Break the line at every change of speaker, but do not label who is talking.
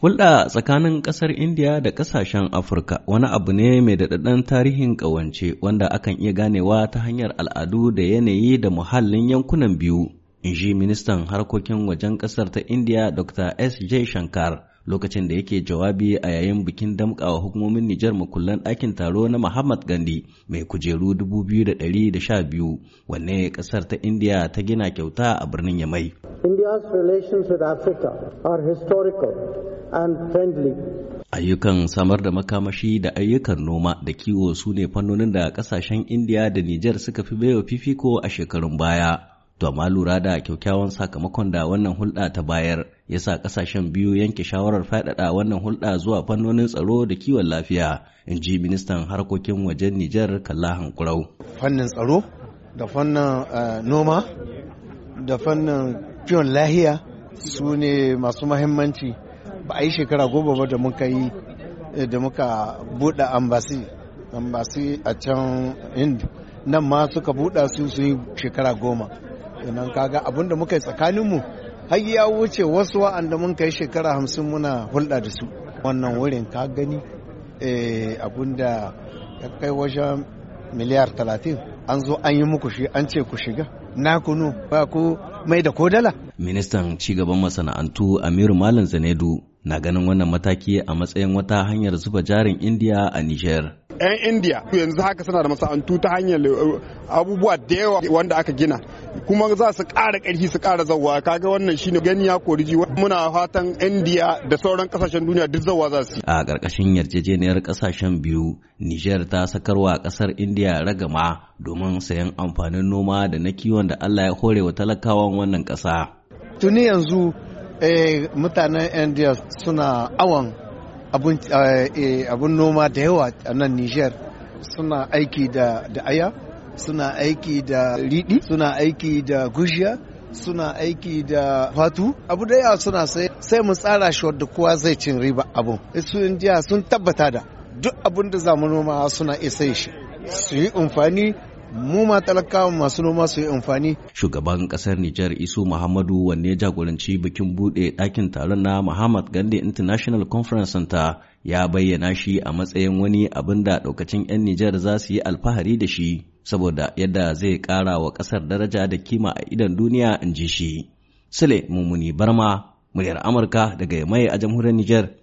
Hulɗa tsakanin ƙasar Indiya da ƙasashen Afirka wani abu ne mai daɗaɗɗen tarihin ƙawance wanda akan iya ganewa ta hanyar al'adu da yanayi da muhallin yankunan biyu, in ji ministan harkokin wajen ƙasar ta Indiya Dr. S. J. Shankar lokacin da yake jawabi a yayin bikin damƙawa hukumomin Nijar makullan ɗakin taro na Muhammad Gandhi mai kujeru da sha biyu. wanne ƙasar ta Indiya ta gina kyauta a birnin Yamai.
India's relations with Africa are historical and friendly.
Ayyukan samar da makamashi da ayyukan noma da kiwo su ne fannonin da kasashen India da Nijar suka fi baiwa fifiko a shekarun baya. To amma lura da kyakkyawan sakamakon da wannan hulɗa ta bayar ya sa ƙasashen biyu yanke shawarar faɗaɗa wannan hulɗa zuwa fannonin tsaro da kiwon lafiya, in ji ministan harkokin wajen Nijar Kalla Hankurau.
Fannin tsaro da fannin eh, noma da fannin kiwon lahiya su ne masu mahimmanci ba a yi shekara goma ba da muka yi eh, da muka buɗe ambasi ambasi a can hindu nan ma suka buɗe su su yi shekara goma inan kaga abin da muka yi tsakaninmu har ya wuce wasu wa'anda mun kai shekara hamsin muna hulɗa da su wannan wurin ka gani eh, abin da ya kai wajen miliyar talatin an zo an yi muku shi an ce ku shiga na kunu ba ku mai da kodala.
Ministan cigaban masana'antu Amiru Malam Zanedu na ganin wannan mataki a matsayin wata hanyar zuba jarin Indiya a Niger. 'Yan Indiya yanzu haka suna da masana'antu ta hanyar eh, abubuwa da yawa wanda aka gina. kuma za su ƙara ƙarfi su ƙara zawa kaga wannan shine gani ya kori jiwa muna fatan india da sauran kasashen duniya duk zawa za su a ƙarƙashin yarjejeniyar ƙasashen biyu niger ta sakarwa ƙasar india ragama domin sayan amfanin noma da na kiwon da allah ya hore wa talakawan wannan ƙasa
tuni yanzu eh, mutanen india suna awan eh, eh, abun noma da yawa a nan niger suna aiki da aya suna aiki da riɗi suna aiki da gushiya suna aiki da fatu abu da yawa suna sai sai mu tsara shi wadda kowa zai cin riba abu. su indiya sun tabbata da duk abin da zamu noma suna isa shi su yi amfani mu ma talakawa masu noma su yi amfani.
Shugaban kasar Nijar Isu Muhammadu wanne jagoranci bikin buɗe ɗakin taron na Muhammad Gande International Conference Center ya bayyana shi a matsayin wani abin da ɗaukacin 'yan Nijar za su yi alfahari da shi. saboda yadda zai ƙara wa ƙasar daraja da kima a idan duniya in ji shi. Sule Mummuni Barma, muryar Amurka daga mai a jamhuriyar
Nijar.